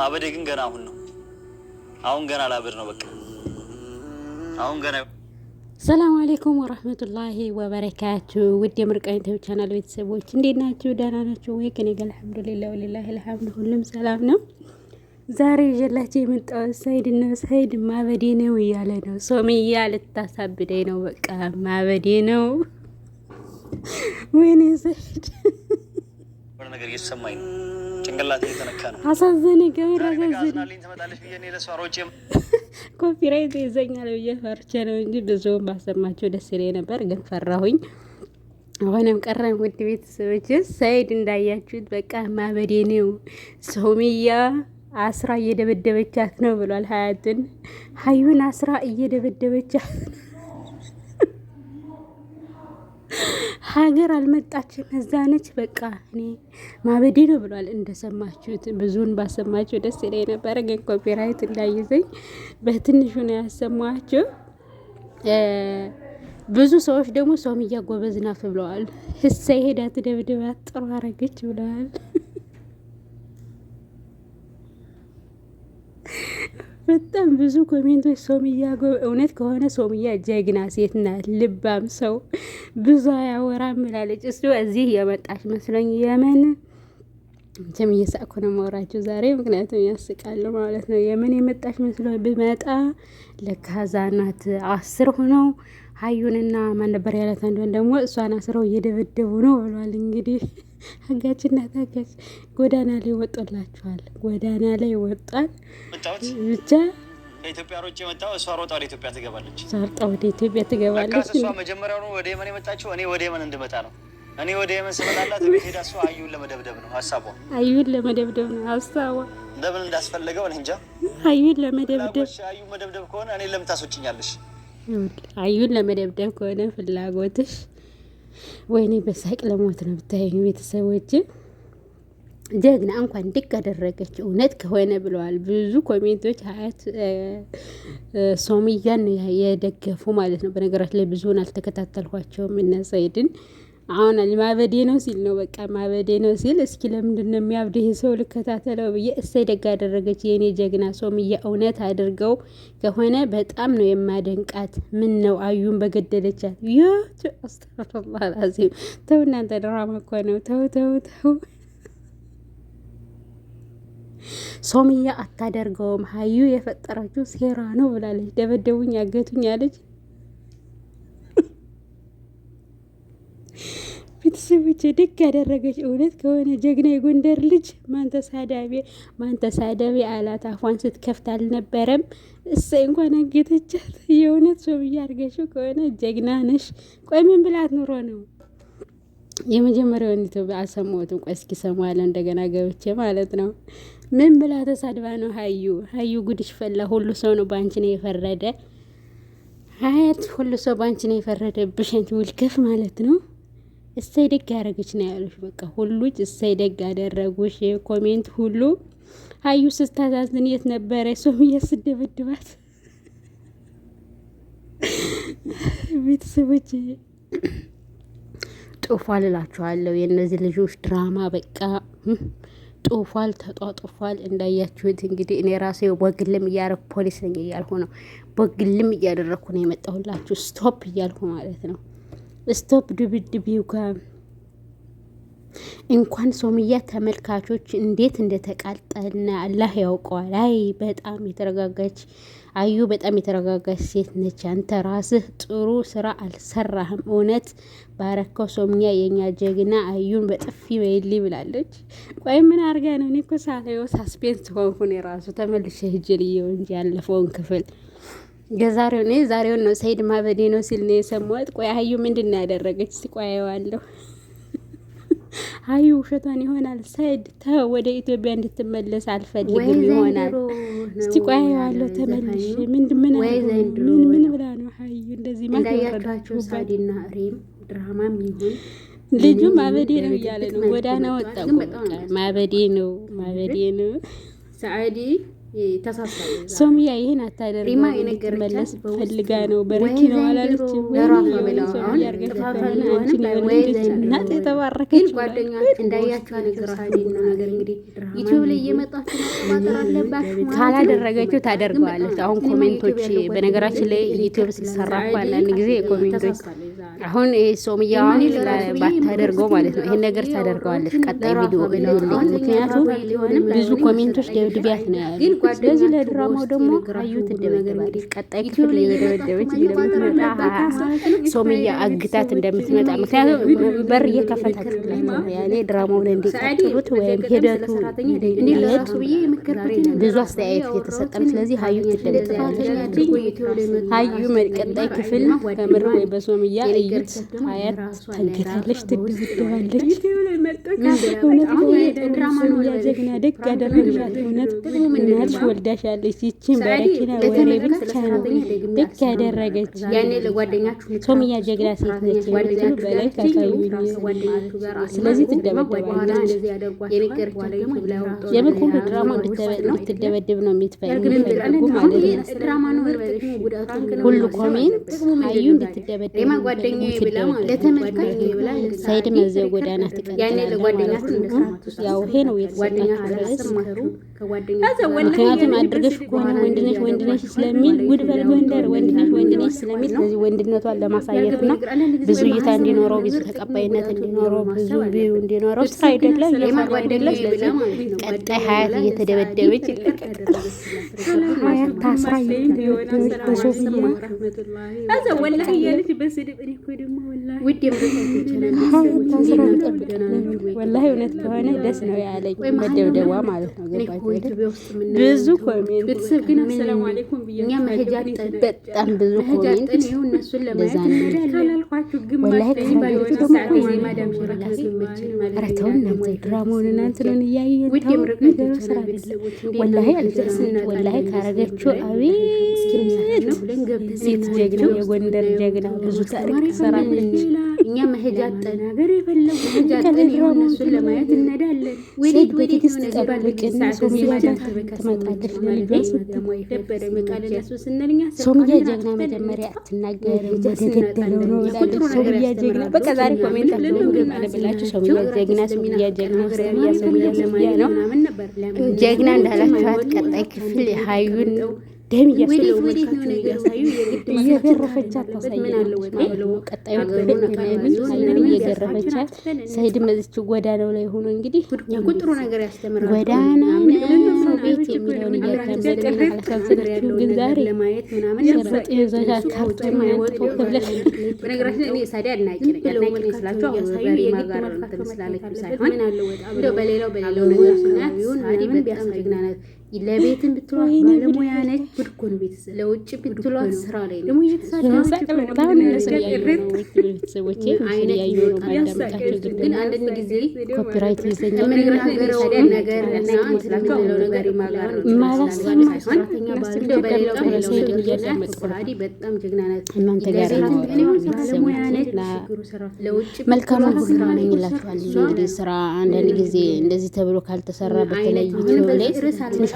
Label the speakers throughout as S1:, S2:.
S1: ማበዴ ግን ገና አሁን ነው። አሁን ገና ላብር ነው። በቃ አሁን ገና
S2: ሰላም አሌይኩም ወረህመቱላሂ ወበረካቱ ውድ የምርቃኝ ተብ ቻናል ቤተሰቦች እንዴት ናችሁ? ደህና ናችሁ ወይ? ከኔ ጋር አልሐምዱሊላ ወሊላሂ ልሐምድ ሁሉም ሰላም ነው። ዛሬ ይዤላችሁ የመጣሁት ሰይድ ነው። ሰይድ ማበዴ ነው እያለ ነው። ሶምያ ልታሳብደኝ ነው። በቃ ማበዴ ነው። ወይኔ ሰይድ
S1: የሆነ ነገር እየተሰማኝ ነው። ጭንቅላት የተነካ ነው።
S2: አሳዘነ ገብር ኮፒራይት ይዘኛል ብዬ ፈርቼ ነው እንጂ ብዙም ባሰማቸው ደስ ይለኝ ነበር፣ ግን ፈራሁኝ። ሆነም ቀረን። ውድ ቤተሰቦች ሰይድ እንዳያችሁት በቃ ማበዴ ነው። ሶሚያ አስራ እየደበደበቻት ነው ብሏል። ሀያትን ሀዩን አስራ እየደበደበቻት ሀገር አልመጣችም፣ እዛ ነች። በቃ እኔ ማበዴ ነው ብሏል። እንደሰማችሁት ብዙውን ባሰማችሁ ደስ ይለኝ ነበረ፣ ግን ኮፒራይት እንዳይዘኝ በትንሹ ነው ያሰማችሁ። ብዙ ሰዎች ደግሞ ሰውም ጎበዝ ናት ብለዋል። እሰይ ሄዳት ደብድባት ጥሩ አረገች ብለዋል። በጣም ብዙ ኮሜንቶች ሶምያ እውነት ከሆነ ሶምያ ጀግና ሴት ናት፣ ልባም ሰው ብዙ አያወራም እላለች። እሱ እዚህ የመጣች መስለኝ የመን መቼም እየሳቅኩ ነው የማወራችሁ ዛሬ፣ ምክንያቱም ያስቃሉ ማለት ነው። የምን የመጣች መስሎ ብመጣ ለካ አስር ሆነው ሀዩንና ማን ነበር ያላት አንዷን ደግሞ እሷን አስረው እየደበደቡ ነው ብሏል። እንግዲህ አጋችና ታጋች ጎዳና ላይ ወጦላችኋል፣ ጎዳና ላይ ወጧል ብቻ
S1: ከኢትዮጵያ ሮጭ የመጣው እሷ ሮጣ ወደ ኢትዮጵያ ትገባለች።
S2: ሮጣ ወደ ኢትዮጵያ ትገባለች።
S1: እሷ መጀመሪያውኑ ወደ የመን የመጣችው እኔ ወደ የመን እንድመጣ ነው። እኔ ወደ የመን ስመጣላት ሄዳ እሷ አዩን ለመደብደብ ነው ሀሳቧ።
S2: አዩን ለመደብደብ ነው ሀሳቧ።
S1: ለምን እንዳስፈለገው እኔ እንጃ።
S2: አዩን ለመደብደብ
S1: አዩ መደብደብ ከሆነ እኔ ለምን ታስወጭኛለሽ?
S2: አዩን ለመደብደብ ከሆነ ፍላጎትሽ፣ ወይኔ በሳቅ ለሞት ነው ብታይ ቤተሰቦችን ጀግና እንኳን ድቅ አደረገች እውነት ከሆነ ብለዋል። ብዙ ኮሜንቶች ሀያት ሶምያን የደገፉ ማለት ነው። በነገራችን ላይ ብዙውን አልተከታተልኳቸውም። እነ ሰይድን አሁን ማበዴ ነው ሲል ነው በቃ ማበዴ ነው ሲል እስኪ ለምንድን ነው የሚያብድ ሰው ልከታተለው ብዬ እሰይ ደግ አደረገች የእኔ ጀግና ሶምያ። እውነት አድርገው ከሆነ በጣም ነው የማደንቃት። ምን ነው አዩን በገደለቻት ያ አስተፍርላ ላዚም ተው እናንተ ድራማ እኮ ነው። ተው ተው ተው ሶምያ አታደርገውም። ሀዩ የፈጠረችው ሴራ ነው ብላለች። ደበደቡኝ፣ አገቱኝ አለች። ቤተሰቦች ድግ ያደረገች እውነት ከሆነ ጀግና የጎንደር ልጅ ማን ተሳዳቢ ማን ተሳዳቢ አላት። አፏን ስትከፍት አልነበረም። እሰይ እንኳን አገተቻት። የእውነት ሶምያ አድርገሽው ከሆነ ጀግና ነሽ። ቆይ ምን ብላት ኑሮ ነው የመጀመሪያውን ኢትዮጵያ አልሰማሁትም። ቆይ እስኪ ሰማዋለሁ እንደገና ገብቼ ማለት ነው። ምን ብላ ተሳድባ ነው? ሀዩ ሀዩ ጉድሽ ፈላ። ሁሉ ሰው ነው በአንቺ ነው የፈረደ። ሀያት ሁሉ ሰው በአንቺ ነው የፈረደብሽ። አንቺ ውልከፍ ማለት ነው። እሰይ ደግ ያደረገች ነው ያሉሽ። በቃ ሁሉ እሰይ ደግ ያደረጉሽ ኮሜንት ሁሉ ሀዩ ስታዛዝን የት ነበረ ሶምያ ስደበድባት ቤተሰቦች ጦፏል እላችኋለሁ። የእነዚህ ልጆች ድራማ በቃ ጦፏል፣ ተጧጡፏል። እንዳያችሁት እንግዲህ እኔ ራሴ ወግልም እያደረኩ ፖሊስ ነኝ እያልኩ ነው፣ ወግልም እያደረግኩ ነው የመጣሁላችሁ። ስቶፕ እያልኩ ማለት ነው። ስቶፕ ድብድቢው እንኳን ሶምያ ተመልካቾች እንዴት እንደተቃጠልና አላህ ያውቀዋል። አይ በጣም የተረጋጋች አዩ በጣም የተረጋጋች ሴት ነች። አንተ ራስህ ጥሩ ስራ አልሰራህም። እውነት ባረከው ሶምያ፣ የኛ ጀግና አዩን በጥፊ በይል ብላለች። ቆይ ምን አርጋ ነው? እኔ እኮ ሳላየው ሳስፔንስ ሆንኩን። የራሱ ተመልሼ ሂጅ ልየው እንጂ ያለፈውን ክፍል የዛሬው ነው። ዛሬውን ነው ሰይድ ማበዴ ነው ሲል ነው የሰማሁት። ቆይ አዩ ምንድን ነው ያደረገች? ቆያዋለሁ አይ ውሸቷን ይሆናል። ሰኢድ ተው፣ ወደ ኢትዮጵያ እንድትመለስ አልፈልግም ይሆናል። እስቲ ቆይ ያለው ተመልሽ ምን ምን ምን ብላ ነው ሀዩ እንደዚህ
S1: ማያቸው ሳዲና ሬም ድራማም ይሁን
S2: ልጁ ማበዴ ነው እያለ ነው። ጎዳና ወጣ ማበዴ ነው ማበዴ ነው ሳዲ ሶምያ ይህን አታደርገው ፈልጋ ነው። በረኪ ነው አላለች። የተባረከች ካላደረገችው ታደርገዋለች። አሁን ኮሜንቶች በነገራችን ላይ ዩቲዩብ ሲሰራ አንዳንድ ጊዜ ኮሜንቶች አሁን ሶምያዋን ባታደርገው ማለት ነው ይሄን ነገር ታደርገዋለች። ቀጣይ ቪዲዮ ምክንያቱም ብዙ ኮሜንቶች ደብድቢያት ነው ያሉ በዚህ ለድራማው ደግሞ አዩት ትደበደባለች። ቀጣይ ክፍል እየደበደበች እንደምትመጣ ሶምያ አግታት እንደምትመጣ ምክንያቱም በር እየከፈታት ያኔ ድራማውን እንዲቀጥሉት ወይም ሂደቱ እንዲሄድ ብዙ አስተያየት እየተሰጠም፣ ስለዚህ አዩ ትደበደባለች። አዩ ቀጣይ ክፍል ከምር ወይ በሶምያ እዩት አያት ታገታለች፣ ትደበደባለች። እውነት ድራማ ሶምያ ጀግና ደግ ያደረግሻት እውነት ልጅ ወልዳሻለች። ይቺን በረኪና ወሬ ብቻ ነው ልክ ያደረገች። ሶምያ ጀግና ሴት ነች የምትሉ በላይ ካሳዩኝ፣ ስለዚህ ትደበደባለች። የምን ሁሉ ድራማ እንድትደበድብ ነው የሚፈልጉ ማለት ነው። ሁሉ ኮሜንት አዩ እንድትደበድብ ሰይድም እዚያው ጎዳና ትቀጥላለች። ያው ይሄ ነው የተሰጣችሁ ድረስ ምክንያቱም አድርገሽ ከሆነ ወንድነሽ ወንድነሽ ስለሚል ጉድ በል ጎንደር ወንድነሽ ወንድነሽ ስለሚል ስለዚህ ወንድነቷን ለማሳየት ና ብዙ እይታ እንዲኖረው ብዙ ተቀባይነት እንዲኖረው ብዙ ቪው እንዲኖረው ስራ አይደለ እየሰሩ አይደለ። ስለዚህ ቀጣይ ሀያት እየተደበደበች ሀያት ታስራ እየተደበደበች በሶፍያ ወላሂ እውነት ከሆነ ደስ ነው ያለኝ መደብደቧ ማለት ነው ገባች። ብዙ ቤተሰብ ግን አሰላሙ አለይኩም ብዬ መሄጃ በጣም ብዙ ኮሜንት ድራማውን እናንተ ነው እያየን ወላሂ ካረገችው አቤት ሴት ጀግና የጎንደር ጀግና ብዙ ታሪክ ትሰራለች እኛ መሄጃ አጠና ገር የፈለጉ መሄጃ አጠን የሆነ እሱን ለማየት እንሄዳለን ሴት በቴክስት ጠብቅና ሶሚ ሶምያ ጀግና መጀመሪያ አትናገርም ጀግና በቃ ዛሬ ኮሜንት አለብላችሁ። ሶምያ ጀግና፣ ሶምያ ጀግና፣ ሶምያ ሶምያ ነው ጀግና እንዳላችኋት ቀጣይ ክፍል ሀዩን ደም እየገረፈቻት ሰይድ መዝች ጎዳናው ላይ ሆኖ እንግዲህ ጎዳና ቤት የሚለውን ግን ዛሬ ሳዲ
S1: ስላቸው ሳይሆን በሌላው በሌላው ነገር ስናያት ሳዲ በጣም ለቤትን ብትሏት ባለሙያ ነች። ነው። ቤተሰብ ለውጭ ብትሏት ስራ ላይ ነው።
S2: ግን አንዳንድ ጊዜ ኮፒራይት በጣም ጀግና ናት። እናንተ ጋር ስራ አንዳንድ ጊዜ እንደዚህ ተብሎ ካልተሰራ ትንሽ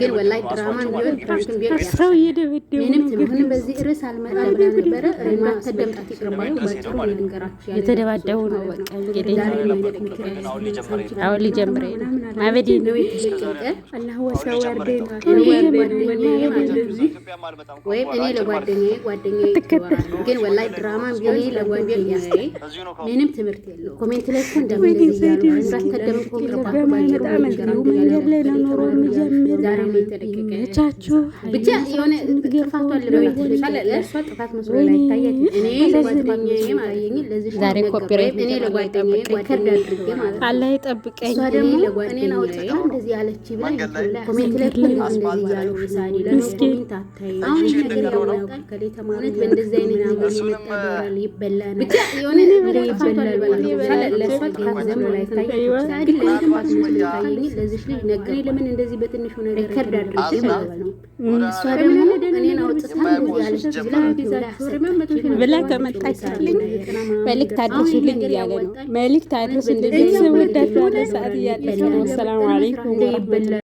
S1: ግን ወላሂ ድራማ ቢሆን
S2: ፕራንክም ቢሆን ምንም በዚህ ርዕስ ብላ ነበረ። ማተደምጣት ይቅርባዩ የተደባደቡ ነው። በቃ እንግዲህ አሁን ነው አላህ
S1: ወይም እኔ ለጓደኛዬ ጓደኛዬ ግን ወላሂ ቢሆን ለጓደኛዬ ምንም ትምህርት ኮሜንት ላይ
S2: እኮ ሌላ ነው ኑሮ የሚጀምር። መቻችሁ
S1: ብቻ የሆነ ጥፋቷን አላህ ይጠብቀኝ። ይበላል እኔ ለምን እንደዚህ በትንሹ ነገር እሷ ደግሞ
S2: ብላ ከመጣችልኝ መልዕክት አድርሱልኝ እያለ ነው። ሰዓት ነው። አለይኩም።